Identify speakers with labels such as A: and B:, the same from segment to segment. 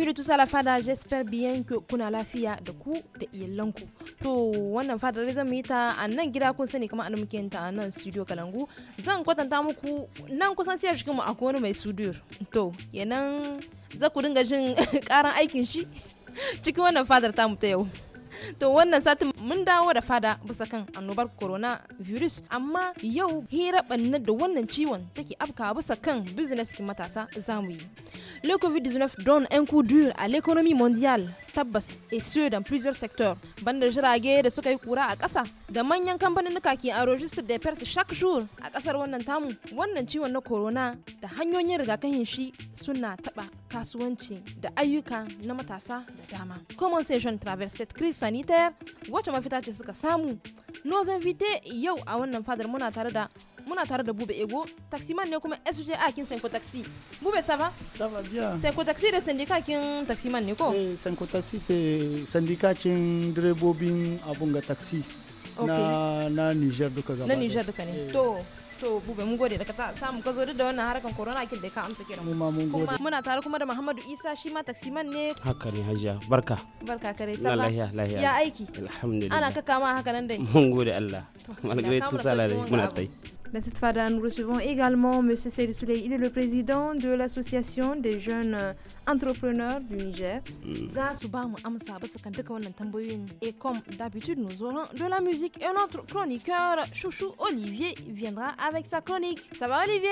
A: amiru tusa la fada j'espère bien kuna lafiya da ku da iyalanku to wannan fada dai zamu yi ta a nan gida kun sani kamar an muke ta a nan studio kalangu zan kwatanta muku nan kusan sai shi kuma akwai wani mai studio to yanan za ku dinga jin karan aikin shi cikin wannan fadar tamu ta yau to wannan satin mun dawo da fada bisa kan annobar virus amma yau hira banna da wannan ciwon take afka bisa kan business matasa zamu yi le covid-19 don un coup dur à l'économie mondiale tabbas esiyo eh, da plusieurs secteurs banda jirage da suka yi kura a ƙasa da manyan kamfaninnuka ke a register da perk chaque jour a ƙasar wannan tamu wannan ciwon na corona da hanyoyin rigakafin shi suna taɓa kasuwanci da ayyuka na matasa da dama common session traverse cette sanitaire wacce mafita ce suka samu nos invités yau a wannan fadar muna tare da muna tare da Bube Ego, man ne kuma SJA kin Senko Taxi. Bube ça va? Ça bien. Senko Taxi da syndicat kin man ne ko? Eh
B: Senko Taxi se syndicat cin direbobin abun ga taxi. Na na Niger duka gaba. Na Niger
A: duka ne. Eh. To to bube mun gode da ka samu ka zo da wannan harkan corona kin da ka amsa kiran mu
B: ma mun gode
A: muna tare kuma da Muhammadu Isa shi ma man ne
C: haka ne hajiya barka
A: barka kare ta lahiya lahiya ya aiki
C: alhamdulillah ana ka
A: kama haka nan dai
C: mun gode Allah malgare sala dai muna tai
A: Dans ben, cette fada, nous recevons également M. Seri Il est le président de l'association des jeunes euh, entrepreneurs du Niger. Euh. Et comme d'habitude, nous aurons de la musique et notre chroniqueur chouchou Olivier viendra avec sa chronique. Ça va Olivier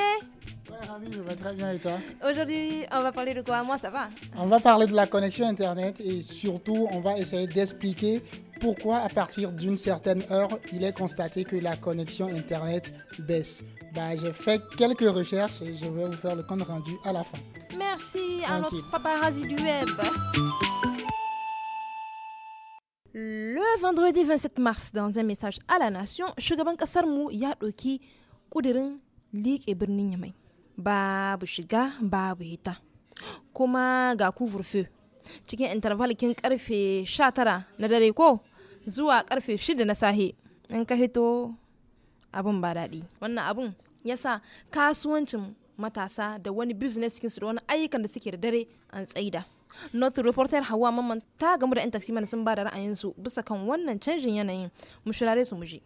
D: Ouais, Ravi, je vais très bien et toi
A: Aujourd'hui, on va parler de quoi Moi, ça va
D: On va parler de la connexion Internet et surtout, on va essayer d'expliquer pourquoi à partir d'une certaine heure, il est constaté que la connexion Internet baisse bah, J'ai fait quelques recherches et je vais vous faire le compte rendu à la fin.
A: Merci à notre paparazzi du web.
D: Le vendredi
A: 27 mars, dans un message à la nation, shugaban kasar ya ɗauki ƙudirin liƙe birnin Ba Babu shiga, babu Kuma ga couvre-feu cikin interval kin karfe 19 na dare ko zuwa karfe 6 na sahi in ka hito abun ba daɗi wannan ya yasa kasuwancin matasa da wani business cikin su da wani ayyukan da suke da dare an tsaida not reporter hawa mamman ta gamu da 'yan taxi sun ba da ra'ayinsu bisa kan wannan canjin yanayin mushirare su muje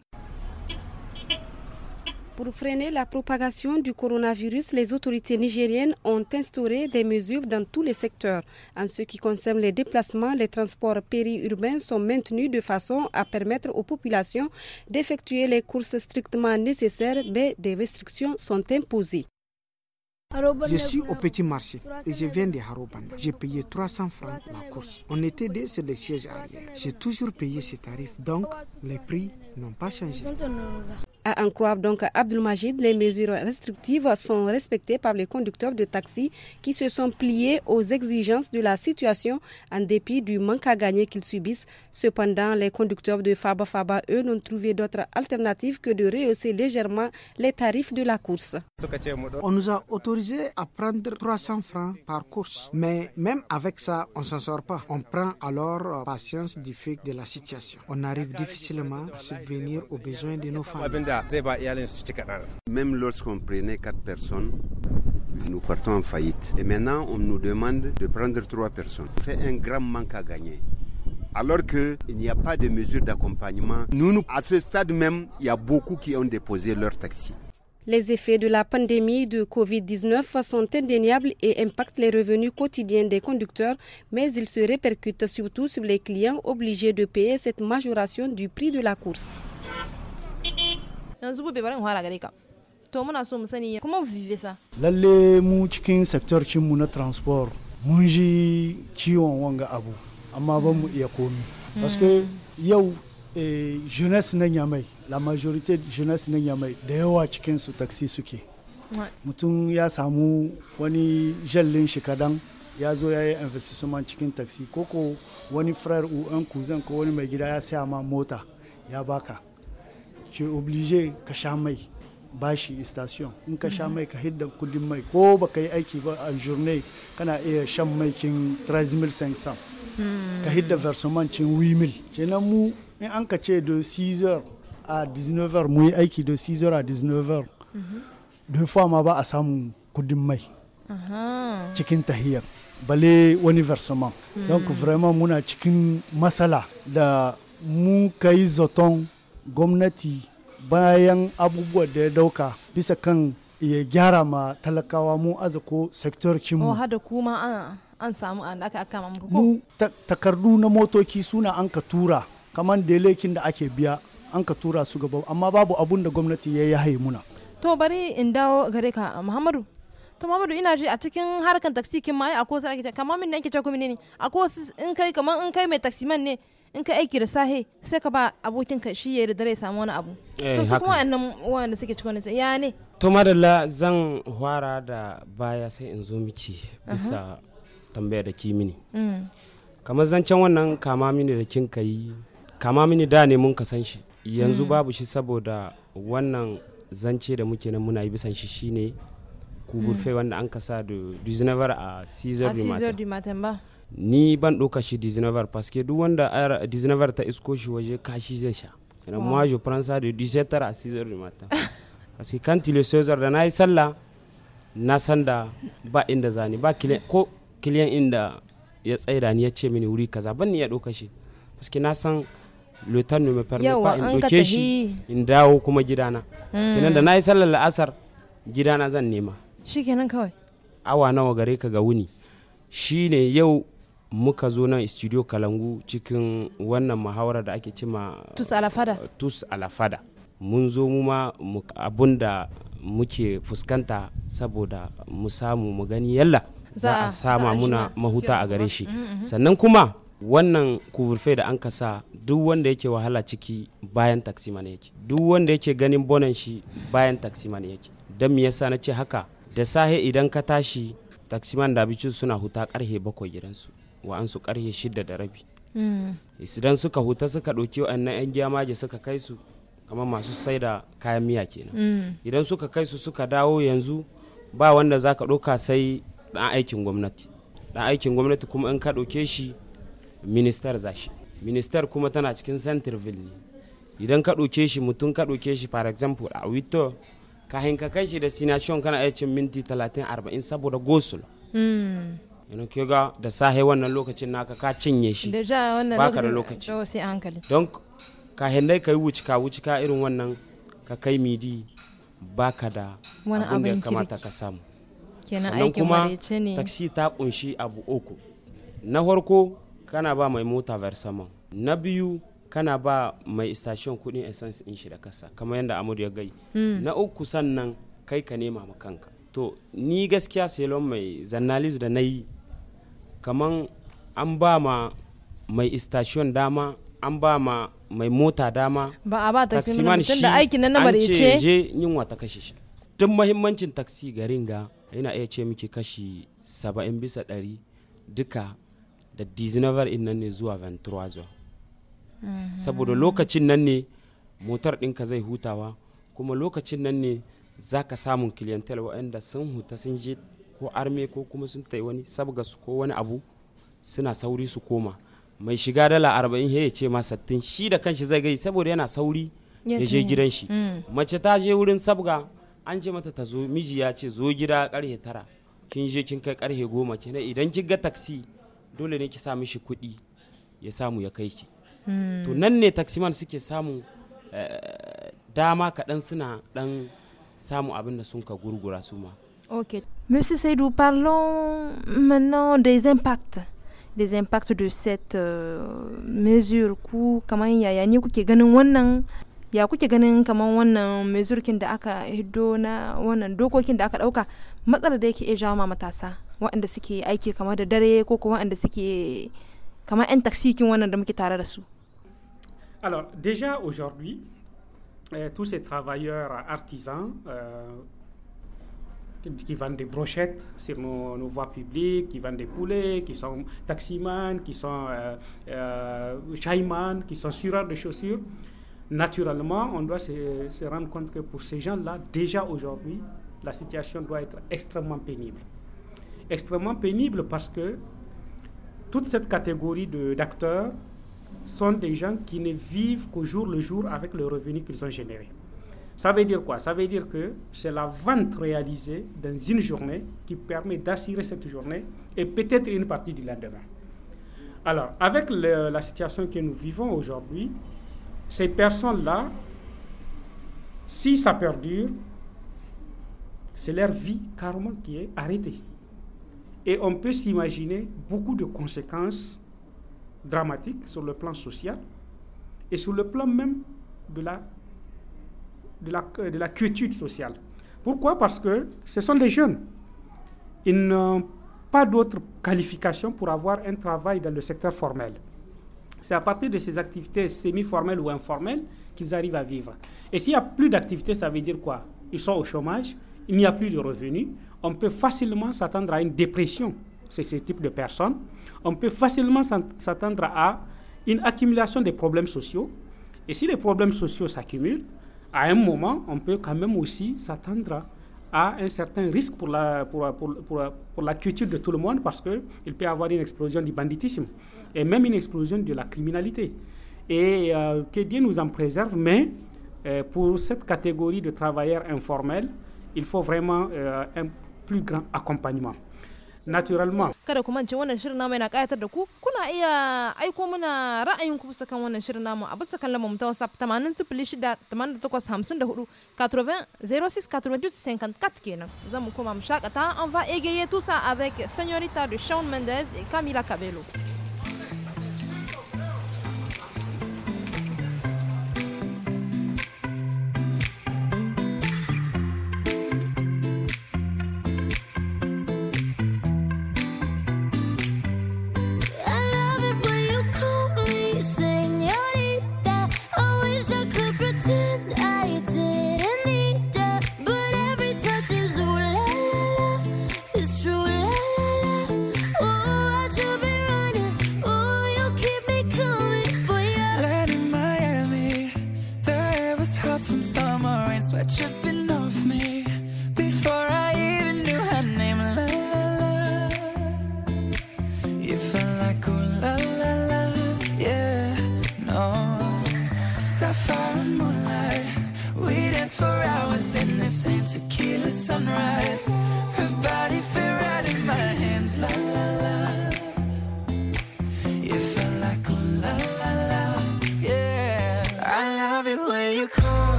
A: Pour freiner la propagation du coronavirus, les autorités nigériennes ont instauré des mesures dans tous les secteurs. En ce qui concerne les déplacements, les transports périurbains sont maintenus de façon à permettre aux populations d'effectuer les courses strictement nécessaires, mais des restrictions sont
E: imposées. Je suis au petit marché et je viens de Haroban. J'ai payé 300 francs la course. On était deux sur le sièges arrière. J'ai toujours payé ces tarifs, donc
C: les prix n'ont pas changé. À en croire donc Abdelmajid, les mesures
A: restrictives sont respectées par les conducteurs de taxi qui se sont pliés aux exigences de la situation en dépit du manque à gagner qu'ils subissent. Cependant, les conducteurs de Faba Faba, eux, n'ont trouvé d'autre alternative que de rehausser légèrement les tarifs de la course.
E: On nous a autorisé à prendre 300 francs par course, mais même avec ça, on s'en sort pas. On prend alors euh, patience du fait de la situation. On arrive difficilement à subvenir aux besoins de nos familles.
F: Même lorsqu'on
C: prenait quatre personnes, nous partons en faillite. Et maintenant, on nous demande de prendre trois personnes. C'est un grand manque à gagner. Alors qu'il n'y a pas de mesures d'accompagnement. Nous, nous, à ce stade même, il y a beaucoup qui ont déposé leur taxi.
A: Les effets de la pandémie de Covid-19 sont indéniables et impactent les revenus quotidiens des conducteurs, mais ils se répercutent surtout sur les clients obligés de payer cette majoration du prix de la course yanzu gobe bari in fara gare ka to muna so mu sani kuma mu vive sa
B: lalle mu cikin sektor mu na transport mun ji ciwon wanga abu amma ba mu iya komi mm. paske yau eh, jeunesse na yamai la majorité jeunesse na yamai da yawa cikin su taxi suke mutum ya samu wani jallin shi kadan ya zo ya yi investissement cikin taxi koko wani frère ou un cousin ko wani mai gida ya saya ma mota ya baka tu es obligé de obligé station in ka mhm. ka hidda ko baka yi aiki ba journée kana hmm. versement 8000 kenan mu an ka de 6h à 19h mu yi aiki de 6h à 19h mhm. deux fois ma a samu bale wani hmm. donc vraiment muna cikin masala da mu gwamnati bayan abubuwa da ya dauka bisa kan ya gyara ma talakawa mu aza ko sektor kimu. Oh, hada
A: kuma an samu an aka aka mamu Mu
B: takardu na motoki suna an ka tura kamar laikin da ake biya an ka tura su gaba amma babu abun da gwamnati ya yi muna.
A: To bari in dawo gare ka Muhammadu. to Muhammadu ina ji a cikin harkan taksi kin ma akwai sarki kamar min da ake cewa ne akwai in kai kamar in kai mai taksi man ne in ka aiki da sahe sai ka ba abokinka shi ya yi da ya samu wani abu eh, to su kuma wa'annan wanda suke cikin wani ya ne
C: to madalla zan hwara da baya sai in zo miki bisa tambaya da ki mini mm. kamar zancen wannan kama mini da kin yi kama mini da ne mun ka san shi yanzu mm. babu shi saboda wannan zance da muke nan muna yi bisan shi shine kuvurfe mm. wanda an kasa da 19 a 6 du matan. ba ni ban ɗauka shi 19 parce que duk wanda 19 ta isko shi waje kashi zai sha wow. moi je prends ça de 17 à 6 heures du matin parce que quand il est 16 da na yi sallah na san da ba inda zani ba kiliyan ko kiliyan inda ya tsaida ni ya ce mini wuri kaza ban ni ya ɗauka shi parce que na san le temps ne me permet pas in doke shi in dawo kuma gidana hmm. kenan da na yi sallar la'asar gidana zan nema
A: shikenan kawai
C: awa nawa gare ka ga wuni shine yau muka zo nan studio kalangu cikin wannan muhawara da ake cima
A: tus alafada eh,
C: tus alafada mun zo mu ma abun da muke fuskanta saboda mu samu mu gani yalla za a sama muna mahuta a gare shi mm-hmm, mm-hmm. sannan kuma wannan kuvurfe da an kasa duk wanda yake wahala ciki bayan taksiman yake duk wanda yake ganin bonan shi bayan taksiman yake don me yasa na ce haka da sahe idan ka tashi taksiman da suna huta karhe bakwai gidansu wa'ansu karhe shida da rabi hmm. idan suka huta suka ɗauki wa'annan 'yan giya maje suka kai su kamar masu sai da kayan miya kenan hmm. idan suka kai su suka dawo yanzu ba wanda za ka ɗauka sai ɗan aikin gwamnati ɗan aikin gwamnati kuma in ka ɗauke shi ministar zashi ministar kuma tana cikin centerville ne idan ka ɗauke shi mutum ka ɗauke shi for example a wito kahin ka kai shi destination kana iya cin minti 30 arba'in saboda gosul
G: hmm.
C: yanzu ke ga da sahe wannan lokacin naka ka cinye shi baka da lokaci don ka hindai ka yi wucika wucika irin wannan ka kai midi baka da abin da ya kamata ka samu sannan kuma taksi ta kunshi abu uku na farko kana ba mai mota versaman na biyu kana ba mai station kudin essence in shi da kasa kamar yadda amur ya gai hmm. na uku sannan kai ka nema ma kanka to ni gaskiya selon mai zannalis da na yi kamar an ba ma mai station dama an ba ma mai mota dama ba a ba taximan tunda aikin nan na marice je yunwa ta kashe shi tun mahimmancin taksi garin ga yana iya ce miki kashi saba'in bisa ɗari duka da dizinavar in nan ne zuwa ventura zuwa mhm. saboda lokacin nan ne motar ɗinka zai hutawa kuma lokacin nan ne za ka samun clientele waɗanda sun huta sun je ko arme ko kuma sun tai wani sabgas ko wani abu suna sauri su koma mai shiga dala arba'in ya ce ma sattin shi da kanshi zai gai saboda yana sauri ya je gidan shi mm. mace ta je wurin sabga an ce mata ta zo miji ya ce zo gida karhe tara kin je kin kai karhe goma kina idan kin ga taksi dole ne ki sa mishi kuɗi ya samu ya kai ki mm. to nan ne taksiman suke samu eh, dama kaɗan suna ɗan samu abin da sun ka gurgura su ma
A: Ok. Monsieur Seydou, parlons maintenant des impacts. Des impacts de cette euh, mesure. Comment il y a une ya ku ke ganin kaman wannan mezurkin da aka hiddo na wannan dokokin da aka dauka matsalar da yake iya jawo ma matasa waɗanda suke aiki kamar da dare ko kuma waɗanda suke kamar 'yan taksikin wannan da muke tare da su
E: Alors déjà aujourd'hui, euh, tous ces travailleurs artisans, euh, qui, vendent des brochettes sur nos, voies publiques, qui vendent des poulets, qui sont taximans, qui sont euh, euh qui sont sureurs de chaussures. Naturellement, on doit se, se rendre compte que pour ces gens-là, déjà aujourd'hui, la situation doit être extrêmement pénible. Extrêmement pénible parce que toute cette catégorie d'acteurs sont des gens qui ne vivent qu'au jour le jour avec le revenu qu'ils ont généré. Ça veut dire quoi Ça veut dire que c'est la vente réalisée dans une journée qui permet d'assurer cette journée et peut-être une partie du lendemain. Alors, avec la situation que nous vivons aujourd'hui, ces personnes-là, si ça perdure, c'est leur vie carrément qui est arrêtée. Et on peut s'imaginer beaucoup de conséquences dramatiques sur le plan social et sur le plan même de la de la, euh, de la quiétude sociale. Pourquoi Parce que ce sont des jeunes. Ils n'ont pas d'autres qualifications pour avoir un travail dans le secteur formel. C'est à partir de ces activités semi-formelles ou informelles qu'ils arrivent à vivre. Et s'il n'y a plus d'activités, ça veut dire quoi Ils sont au chômage, il n'y a plus de revenus. On peut facilement s'attendre à une dépression c'est ce type de personnes. On peut facilement s'attendre à une accumulation des problèmes sociaux. Et si les problèmes sociaux s'accumulent, à un moment, on peut quand même aussi s'attendre à un certain risque pour la, pour, pour, pour, la culture de tout le monde parce qu'il peut y avoir une explosion du banditisme et même une explosion de la criminalité. Et euh, que Dieu nous en préserve, mais euh, pour cette catégorie de travailleurs informels, il faut vraiment euh, un plus grand accompagnement. natural
A: kada ku mance wannan shirin namu yana kayatar da ku kuna iya aiko mana ra'ayin ku bisa kan wannan shirin namu a bisa kan lamar ta whatsapp 806854 06 kenan zan mu koma mu shakata an va egeye tusa avec señorita de Shawn Mendes et Camila Cabello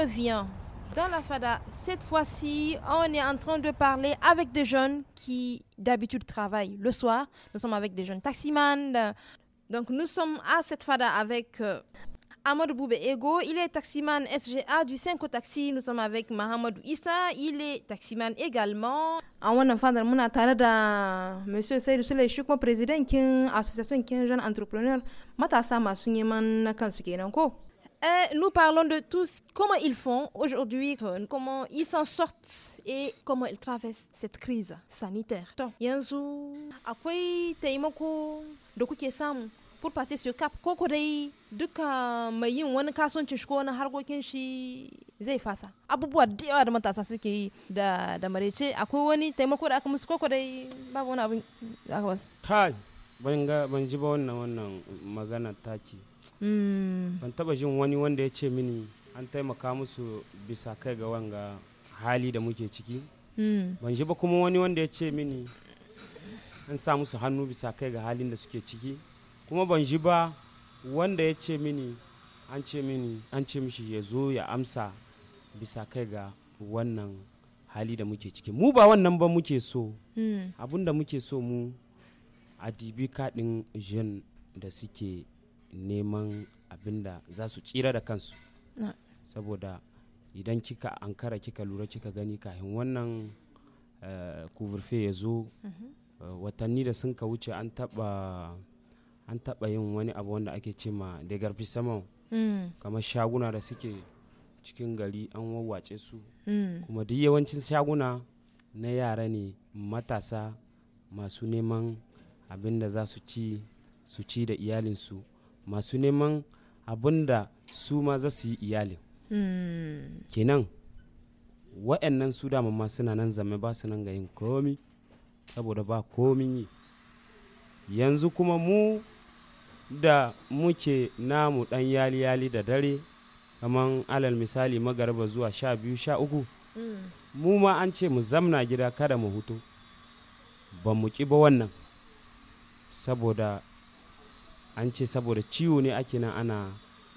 A: revient dans la FADA. Cette fois-ci, on est en train de parler avec des jeunes qui d'habitude travaillent le soir. Nous sommes avec des jeunes taximans. Donc nous sommes à cette FADA avec euh, Boubé Boube Ego. Il est taximan SGA du 5 Taxi. Nous sommes avec Mohamed Issa. Il est taximan également. à wannan fadar muna monsieur Seydou sule shi kuma association kin jeune entrepreneur mata masu neman kenan euh, nous parlons de tous comment ils font aujourd'hui, euh, comment ils s'en sortent et comment ils traversent cette crise sanitaire. Donc, yanzu akwai taimako da kuke samu pour passer ce cap koko dai duka mai yin wani kasuwancin shi ko wani harkokin shi zai fasa abubuwa da yawa da matasa suke da da marece akwai wani taimako da aka musu koko dai babu wani abin
C: da aka basu ban ga ban ji ba wannan wannan magana taki
G: Hmm.
C: ban taba jin wani wanda ya ce mini an taimaka musu bisa kai ga wanga hali da muke ciki hmm. ban ji ba kuma wani wanda ya ce mini an sa musu hannu bisa kai ga halin da suke ciki kuma ban ji ba wanda ya ce mini an ce mini an ce mishi ya zo ya amsa bisa kai ga wannan hali da muke ciki mu ba wannan ba muke so hmm. abun da muke so mu a dibi kaɗin jin da suke neman abin da za su tsira da kansu saboda idan kika ankara kika lura kika gani kafin wannan eh, kuvurfe ya zo mhm. eh, watanni da sun ka wuce an taba yin wani abu wanda ake ce ma da garfi saman mm. kamar shaguna da suke cikin gari an wawace su mm. kuma duk yawancin shaguna na yara ne matasa masu neman abin da za su ci su ci da iyalinsu masu neman abin da su ma za su yi iyali.
G: Hmm.
C: kenan wa'annan su dama ma suna nan zame ba su nan ga yin komi saboda ba komin yi yanzu kuma mu da muke namu dan yali-yali da dare kamar alal misali magarba zuwa sha biyu sha uku hmm. mu ma an ce mu zamna gida kada mu hutu ba mu ƙi ba wannan saboda an ce saboda ciwo ne ake nan ana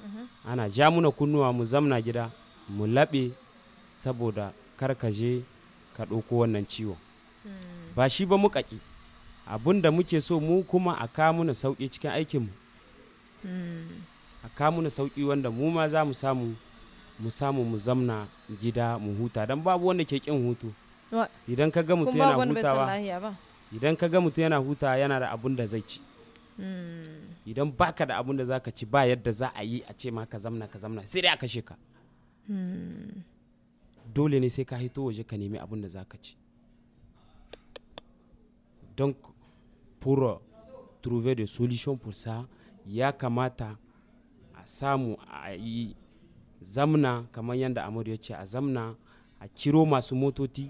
C: mhm. ana ja muna kunnuwa mu zamna gida mu laɓe saboda karkaje ka ɗauko wannan ciwo. Hmm. ba shi ba muƙaƙi abin da muke so mu kuma a kawo muna sauƙi cikin aikinmu hmm. a kawo muna sauƙi wanda mu ma za mu samu mu samu mu zamna gida mu huta don babu wanda ke kin hutu idan ka ga mutum yana hutawa idan ka ga mutum yana huta yana da abun da zai ci idan baka da abun da za ka ci ba yadda za a yi a ce ma ka zamna ka zamna sai dai a kashe ka dole ne sai ka hito waje ka nemi abun da za ka ci don pour uh, trouver de solution pour ça ya kamata a samu a yi zamna kamar yadda amadu ya ce a zamna a kiro masu motoci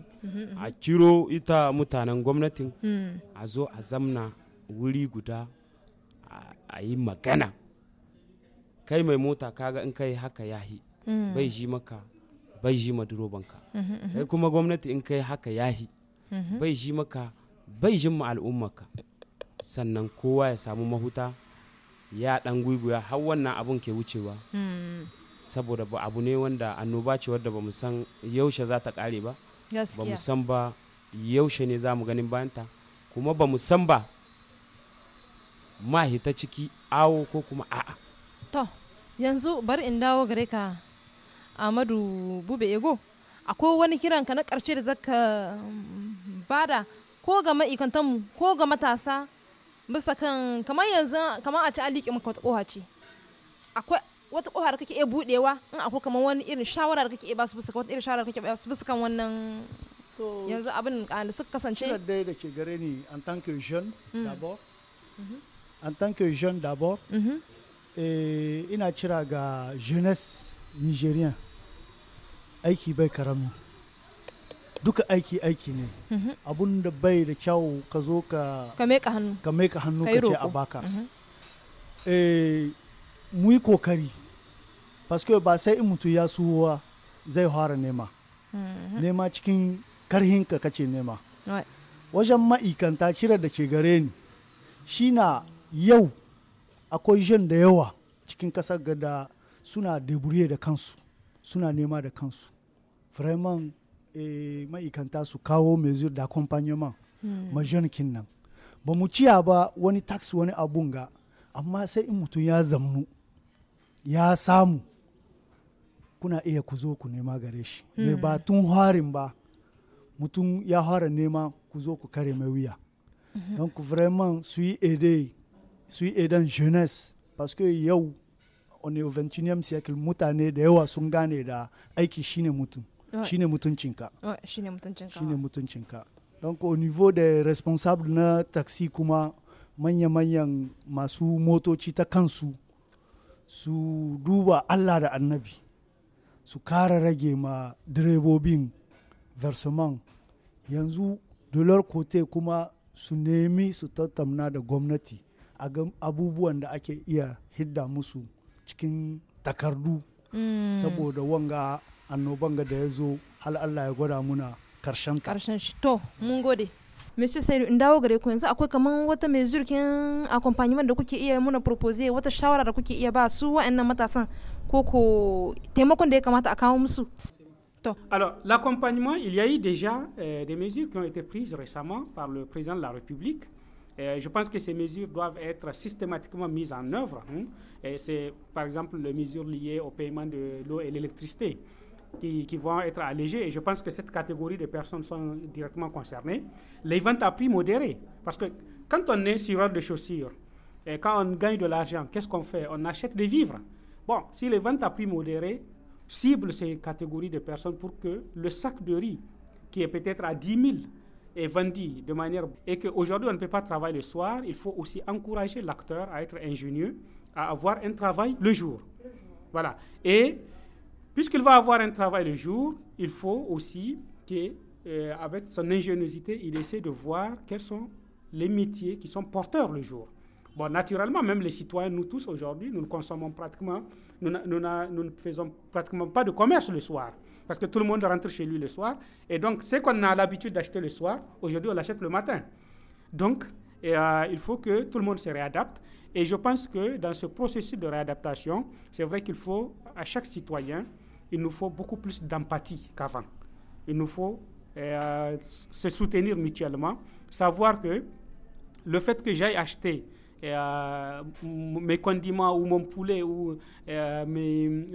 C: a kiro ita mutanen gwamnatin a zo a zamna wuri guda a yi magana kai mai mota kaga in kai haka yahi mm. bai ji maka bai ji ma durobanka mm-hmm, mm-hmm. kai kuma gwamnati in kai haka yahi mm-hmm. bai ji maka bai jin ma al'ummarka sannan kowa ya samu mahuta ya dan guguya har wannan abun ke wucewa mm. saboda ba abu ne wanda annoba ce wadda ba mu san yaushe za ta kare ba ba mu san ba yaushe ne za mu ganin bayanta kuma ba mu san ba mahita ciki awo ko kuma a'a
A: to yanzu bari in dawo gare ka amadu bube ego akwai wani kiran ka na karshe da zaka mm, bada ko ga ma'aikantanmu ko ga matasa bisa kan kamar yanzu kamar a ci aliki maka wata koha ce akwai wata koha da kake iya budewa in akwai kamar wani irin shawara da kake iya basu bisa wata irin shawara da kake basu bisa kan wannan yanzu abin
B: ah, da suka kasance da dai da ke gare ni an tanke shan Dabo. en tant que jeune d'abord mm -hmm. e, ina cira ga jeunesse nigérienne. aiki bai karamu duka aiki aiki ne mm -hmm. abun da bai da kyau ka zo ka ka meka hannu ka meka hannu ka ce a baka mm -hmm. e, eh, mu kokari paske ba sai in mutu ya suwa zai fara nema mhm. nema cikin karhin ka kace nema wajen ma'ikanta kirar da ke gare ni shi na yau akwai jen da yawa cikin ƙasar gada suna deburiye da kansu suna nema da kansu vraiment e, ma'aikanta su kawo mezu da accompagnement hmm. ma kin nan ba mu ciya ba wani tax wani abun ga amma sai in mutum ya zamnu ya samu kuna iya ku zo ku nema gare shi hmm. Mai ba tun harin ba mutum ya fara nema ku zo ku kare mai wuya mhm. don ku su yi ede suis aidant jeunesse parce que yau on est au 21e siècle mutane da yawa sun gane da aiki shine mutum shine mutuncinka
A: shine mutuncinka shine
B: mutuncinka donc au niveau des responsables na taxi kuma manya-manyan masu motoci ta kansu su duba allah da annabi su kara rage ma direbobin versement yanzu leur kote kuma su nemi su tattauna da gwamnati a ga abubuwan da ake iya hidda musu cikin takardu mm. saboda wanga annoban ga da ya zo hal Allah ya gwada muna karshen karshen shi to
A: mun gode Monsieur Saidu in dawo gare ku yanzu akwai kaman wata mai zurkin accompaniment da kuke iya muna propose wata shawara da kuke iya ba su wa'annan matasan ko ko taimakon da ya kamata a kawo musu
E: To. Alors, l'accompagnement, il y a eu déjà euh, des mesures qui ont été prises récemment par le président de la République. Euh, je pense que ces mesures doivent être systématiquement mises en œuvre. Hein. Et c'est par exemple les mesures liées au paiement de l'eau et l'électricité. Qui, vont être allégées. Et je pense que cette catégorie de personnes sont directement concernées. Les ventes à prix modérés. Parce que quand on est sur de chaussures, et quand on gagne de l'argent, qu'est-ce qu'on fait On achète des vivres. Bon, si les ventes à prix modérés ciblent ces catégories de personnes pour que le sac de riz, qui est peut-être à 10 000, et vendu de manière... Et qu'aujourd'hui, on ne peut pas travailler le soir. Il faut aussi encourager l'acteur à être ingénieux, à avoir un travail le jour. Voilà. Et puisqu'il va avoir un travail le jour, il faut aussi qu'avec euh, avec son ingéniosité, il essaie de voir quels sont les métiers qui sont porteurs le jour. Bon, naturellement, même les citoyens, nous tous aujourd'hui, nous ne consommons pratiquement, nous, ne faisons pratiquement pas de commerce le soir parce que tout le monde rentre chez lui le soir. Et donc, ce qu'on a l'habitude d'acheter le soir, aujourd'hui, on l'achète le matin. Donc, euh, il faut que tout le monde se réadapte. Et je pense que dans ce processus de réadaptation, c'est vrai qu'il faut, à chaque citoyen, il nous faut beaucoup plus d'empathie qu'avant. Il nous faut euh, se soutenir mutuellement, savoir que le fait que j'aille acheter euh, mes condiments ou mon poulet ou euh, mes,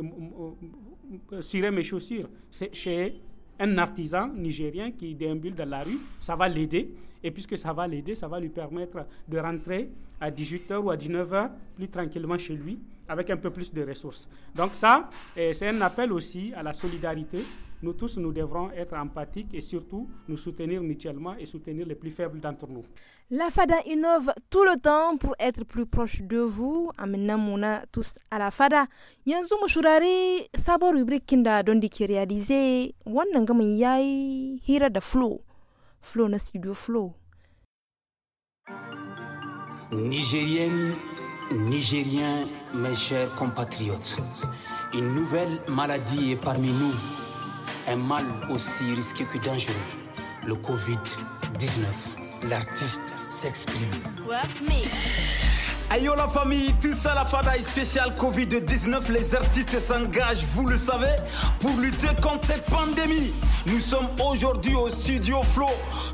E: cirer mes chaussures c'est chez un artisan nigérien qui déambule dans la rue, ça va l'aider. Et puisque ça va l'aider, ça va lui permettre de rentrer à 18h ou à 19h plus tranquillement chez lui avec un peu plus de ressources. Donc ça, eh, c'est un appel aussi à la solidarité nous tous, nous devrons être empathiques et surtout nous soutenir mutuellement et soutenir les plus faibles d'entre nous.
A: La FADA innove tout le temps pour être plus proche de vous. amenons-nous tous à la FADA. Yanzou mushurari sabo rubrique kinda a réalisé wannan hira da flow. Flow na studio flow.
H: Nigérienne, Nigérien, mes chers compatriotes, une nouvelle maladie est parmi nous un mal aussi risqué que dangereux, le Covid-19. L'artiste s'exprime. Ayo oh, la famille, tout ça la fadaille spéciale Covid-19, les artistes s'engagent, vous le savez, pour lutter contre cette pandémie. Nous sommes aujourd'hui au studio Flo...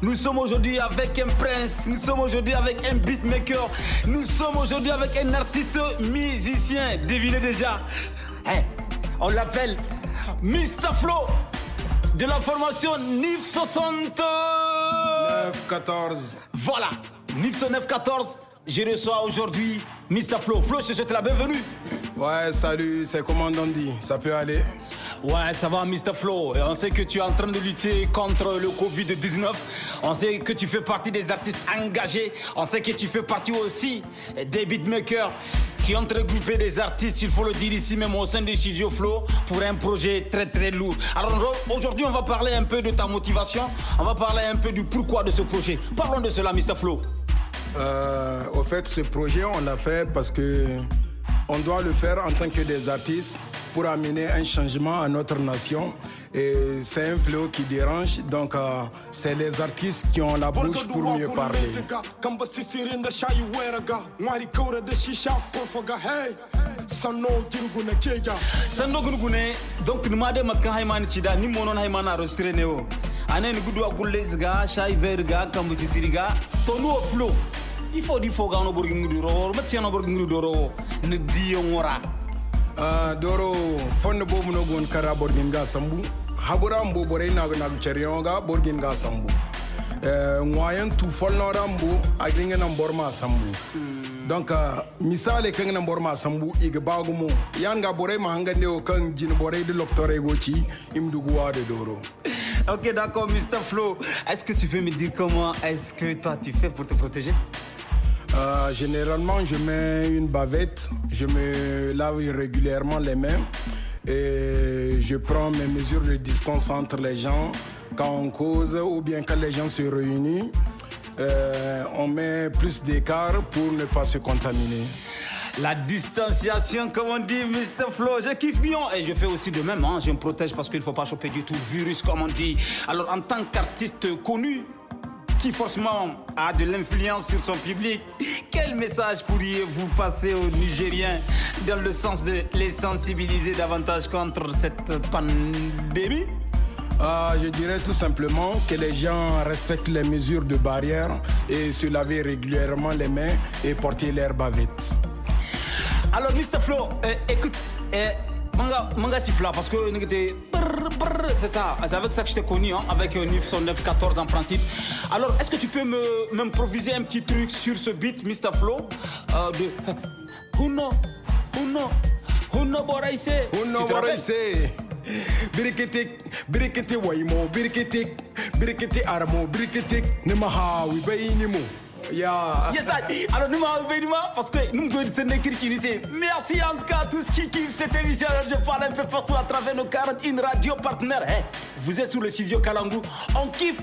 H: nous sommes aujourd'hui avec un prince, nous sommes aujourd'hui avec un beatmaker, nous sommes aujourd'hui avec un artiste musicien, devinez déjà. Eh, on l'appelle Mr. Flo de la formation NIF 69
I: 14. Voilà, NIF 9-14 Je reçois aujourd'hui Mr. Flo. Flo, je te la bienvenue. Ouais, salut, c'est comment on dit Ça peut aller
H: Ouais, ça va, Mr. Flo. On sait que tu es en train de lutter contre le Covid-19. On sait que tu fais partie des artistes engagés. On sait que tu fais partie aussi des beatmakers qui ont regroupé des artistes, il faut le dire ici même au sein de Studio Flow, pour un projet très très lourd. Alors aujourd'hui, on va parler un peu de ta motivation. On va parler un peu du
I: pourquoi de ce projet. Parlons de cela, Mr. Flo. Euh, au fait, ce projet, on l'a fait parce que on doit le faire en tant que des artistes pour amener un changement à notre nation. Et c'est un fléau qui dérange, donc euh, c'est les artistes qui ont la bouche pour mieux parler. sanno girgune
H: donc numa de matkan haymani cida ni monon haymani arostirene o aneni gudu a gulle isga shay verga kambu sisiriga o flow il faut
I: ah, doro tu hmm. donc ah, ma de doro Ok, d'accord, Mr. Flo. Est-ce que tu veux me
H: dire comment est-ce que toi tu fais pour te protéger
I: euh, généralement, je mets une bavette, je me lave régulièrement les mains et je prends mes mesures de distance entre les gens quand on cause ou bien quand les gens se réunissent. Euh, on met plus d'écart pour ne pas se contaminer.
H: La distanciation, comme on dit, Mr. Flo, je kiffe bien. Et je fais aussi de même, hein. je me protège parce qu'il ne faut pas choper du tout virus, comme on dit. Alors, en tant qu'artiste connu, qui forcément, a de l'influence sur son public. Quel message pourriez-vous passer aux Nigériens dans le sens de les sensibiliser davantage contre cette
I: pandémie euh, je dirais tout simplement que les gens respectent les mesures de barrière et se laver régulièrement les mains et porter l'herbe bavette. Alors, Mr. Flo, euh, écoute, euh, Manga, manga siffla parce que
H: c'est ça. C'est avec ça que je t'ai connu, hein, avec euh, 914 en principe. Alors, est-ce que tu peux me m'improviser un petit truc sur ce beat, Mr. Flow, euh, de
I: Uno, Uno, Uno Boraise. Uno Boraise. Biriketik, biriketik waimo, biriketik, biriketik armo, biriketik, nimahawi bayinimu. Yeah. Yes, Alors nous m'avons
H: venu parce que nous pouvons se ici. Merci en tout cas à tous qui kiffent cette émission. Alors, je parle un peu partout à travers nos 41 radio partenaires. Hey, hein. vous êtes sur le studio Kalangou. On kiffe.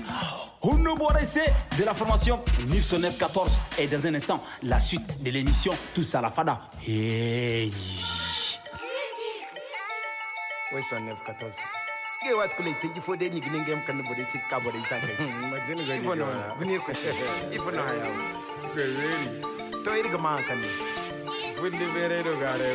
H: On nous Hunoborese de la formation NIPSO 914. Et dans un instant, la suite de l'émission Tous à la Fada. Hey.
I: Oui, 914. ge wat kule te ji ni kan ko to iri gama kan fundi bere do gare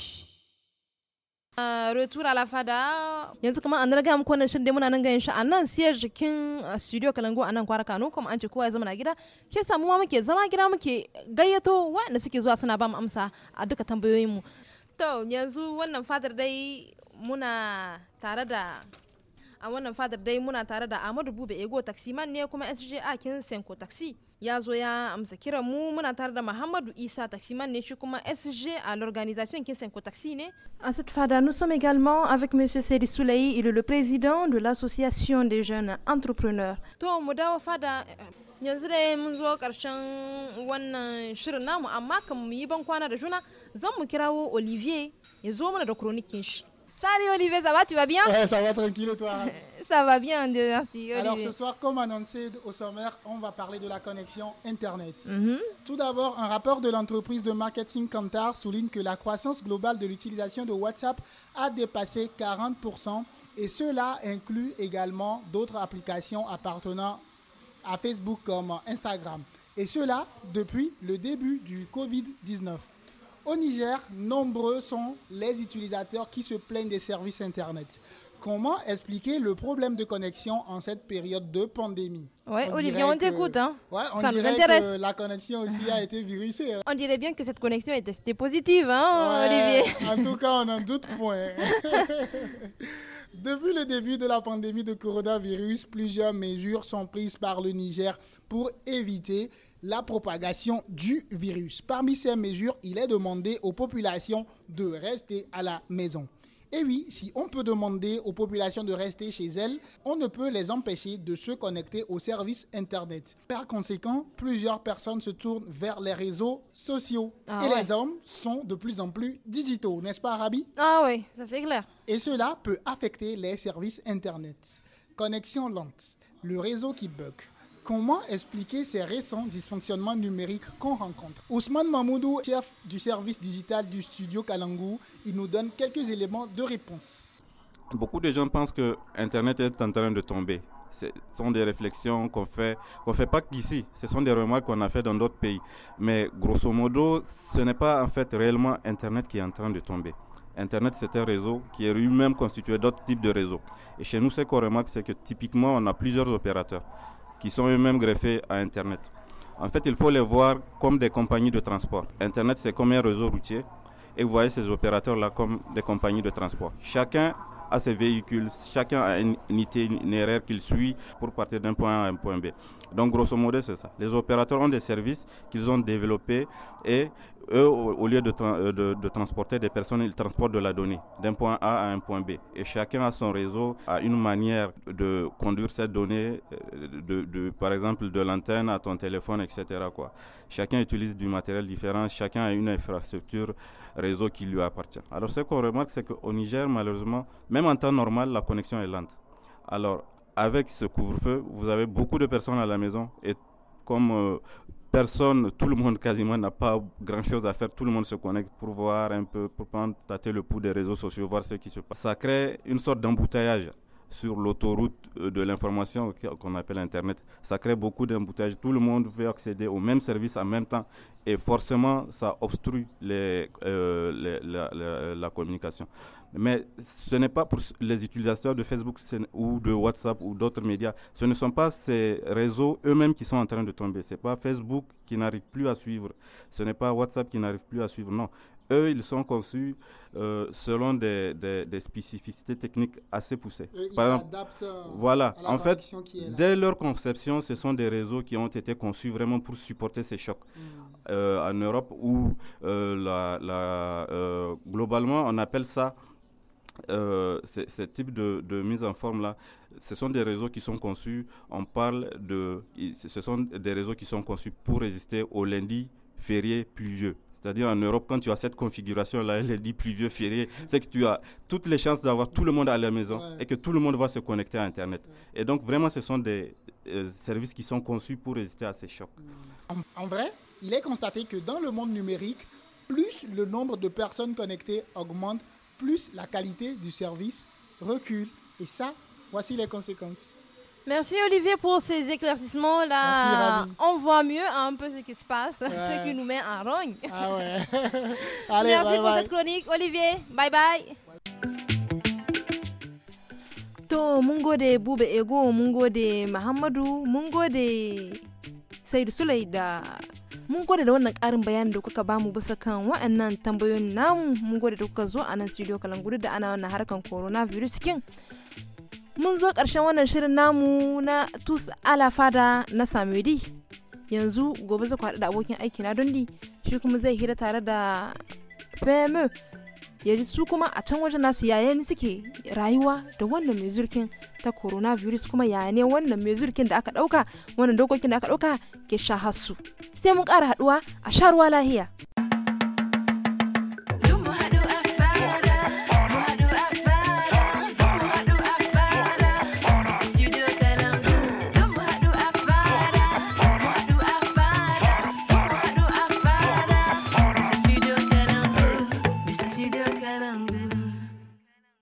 A: Euh, retour à la fada yanzu kuma an raga muku wannan shirin dai muna nan ganin shi anan siyar jikin uh, studio kalango anan kwara kano kuma an ce kowa ya zama na gida ke yasa mu ma muke zama gida muke gayyato waɗanda suke zuwa suna ba mu amsa a duka tambayoyin mu to yanzu wannan fadar dai muna tare da a wannan fadar dai muna tare da Amadu Bube Ego Taxi man ne kuma SJA kin Senko Taxi ya zo ya amsa kiran mu muna tare da Muhammadu Isa taximan ne shi kuma SG a l'organisation qui Kinsenko Taxi ne. À cette fada, nous sommes également avec monsieur Seri Souley, il est le président de l'association des jeunes entrepreneurs. To mu dawo fada yanzu dai mun zo karshen wannan shirin namu amma kan mu yi ban kwana da juna zan mu kirawo Olivier ya zo mana da kronikin shi. Salut Olivier, ça va, tu vas bien Ouais, eh, ça va
D: tranquille toi ça va bien, merci. Alors ce soir, comme annoncé au sommaire, on va parler de la connexion Internet. Mhm. Tout d'abord, un rapport de l'entreprise de marketing Kantar souligne que la croissance globale de l'utilisation de WhatsApp a dépassé 40%. Et cela inclut également d'autres applications appartenant à Facebook comme Instagram. Et cela depuis le début du Covid-19. Au Niger, nombreux sont les utilisateurs qui se plaignent des services Internet. Comment expliquer le problème de connexion en cette période de pandémie Oui, Olivier, on t'écoute. Hein.
A: on dirait que
D: la connexion aussi a été virusée. Hein. On dirait bien que cette connexion est testée positive, hein, Olivier. En tout cas, on en doute point. Depuis le début de la pandémie de coronavirus, plusieurs mesures sont prises par le Niger pour éviter la propagation du virus. Parmi ces mesures, il est demandé aux populations de rester à la maison. Et oui, si on peut demander aux populations de rester chez elles, on ne peut les empêcher de se connecter aux services Internet. Par conséquent, plusieurs personnes se tournent vers les réseaux sociaux. Ah et les hommes sont de plus en plus digitaux, n'est-ce pas, Rabi Ah oui, ça c'est clair. Et cela peut affecter les services Internet. Connexion lente, le réseau qui bug, Comment expliquer ces récents dysfonctionnements numériques qu'on rencontre Ousmane Mamoudou, chef du service digital du studio Kalangou, il nous donne quelques éléments de réponse.
F: Beaucoup de gens pensent que Internet est en train de tomber. Ce sont des réflexions qu'on fait, qu'on fait pas qu'ici. Ce sont des remarques qu'on a fait dans d'autres pays. Mais grosso modo, ce n'est pas en fait réellement Internet qui est en train de tomber. Internet, c'est un réseau qui est lui-même constitué d'autres types de réseaux. Et chez nous, ce qu'on remarque, c'est que typiquement, on a plusieurs opérateurs qui sont eux-mêmes greffés à Internet. En fait, il faut les voir comme des compagnies de transport. Internet, c'est comme un réseau routier et vous voyez ces opérateurs-là comme des compagnies de transport. Chacun à ses véhicules. Chacun a unité itinéraire qu'il suit pour partir d'un point A à un point B. Donc grosso modo, c'est ça. Les opérateurs ont des services qu'ils ont développés et eux, au lieu euh, de, de, transporter des personnes, ils transportent de la donnée d'un point A à un point B. Et chacun a son réseau, a une manière de conduire cette donnée, euh, de, par exemple de l'antenne à ton téléphone, etc. Quoi. Chacun utilise du matériel différent, chacun a une infrastructure réseau qui lui appartient. Alors ce qu'on remarque, c'est qu'au Niger, malheureusement, même en temps normal, la connexion est lente. Alors avec ce couvre-feu, vous avez beaucoup de personnes à la maison et comme euh, personne, tout le monde quasiment n'a pas grand-chose à faire, tout le monde se connecte pour voir un peu, pour tâter le pouls des réseaux sociaux, voir ce qui se passe. Ça crée une sorte d'embouteillage sur l'autoroute euh, de l'information qu'on appelle Internet. Ça crée beaucoup d'embouteillages. Tout le monde veut accéder aux mêmes services en même temps et forcément, ça obstrue euh, la, la, communication. Mais ce n'est pas pour les utilisateurs de Facebook ou de WhatsApp ou d'autres médias. Ce ne sont pas ces réseaux eux-mêmes qui sont en train de tomber. Ce n'est pas Facebook qui n'arrive plus à suivre. Ce n'est pas WhatsApp qui n'arrive plus à suivre. Non eux, ils sont conçus euh, selon des, spécificités techniques assez poussées. Ils Par exemple, euh, voilà. En fait, dès leur conception, ce sont des réseaux qui ont été conçus vraiment pour supporter ces chocs. Hmm. Euh, en Europe, où globalement, on appelle ça ce type de, mise en forme là, ce sont des réseaux qui sont conçus. On parle de, ce sont des réseaux qui sont conçus pour résister au lundi férié pluvieux. C'est-à-dire en Europe, quand tu as cette configuration-là, elle est dit pluvieux, férié, c'est que tu as toutes les chances d'avoir tout le monde à la maison et que tout le monde va se connecter à Internet. Et donc, vraiment, ce sont des euh, services qui sont conçus pour résister à ces chocs.
D: en vrai, il est constaté que dans le monde numérique, plus le nombre de personnes connectées augmente, plus la qualité du service recule. Et ça, voici les conséquences.
A: Merci Olivier pour ces éclaircissements. Là, Merci, on voit mieux un peu ce qui se passe, ouais. ce qui nous met en rogne. Ah ouais. Allez, Merci bye pour bye. cette chronique, Olivier. Bye bye. To mun gode Bube Ego, mun gode Muhammadu, mun gode Saidu Sulai mun gode da wannan karin bayanin da kuka bamu bisa kan wa'annan tambayoyin namu mun gode da kuka zo a nan studio Kalanguri da ana wannan harkan coronavirus kin. mun zo karshen wannan shirin namu na tus alafada na samedi yanzu gobe zai haɗu da abokin aiki na dondi shi kuma zai hira tare da fm ya su kuma a can wajen nasu yaya ne suke rayuwa da wannan mai zurkin ta coronavirus kuma yaya ne wannan mai zurkin da aka ɗauka wannan dokokin da aka ɗauka ke sha hasu sai mun ƙara haɗuwa a sharuwa lahiya.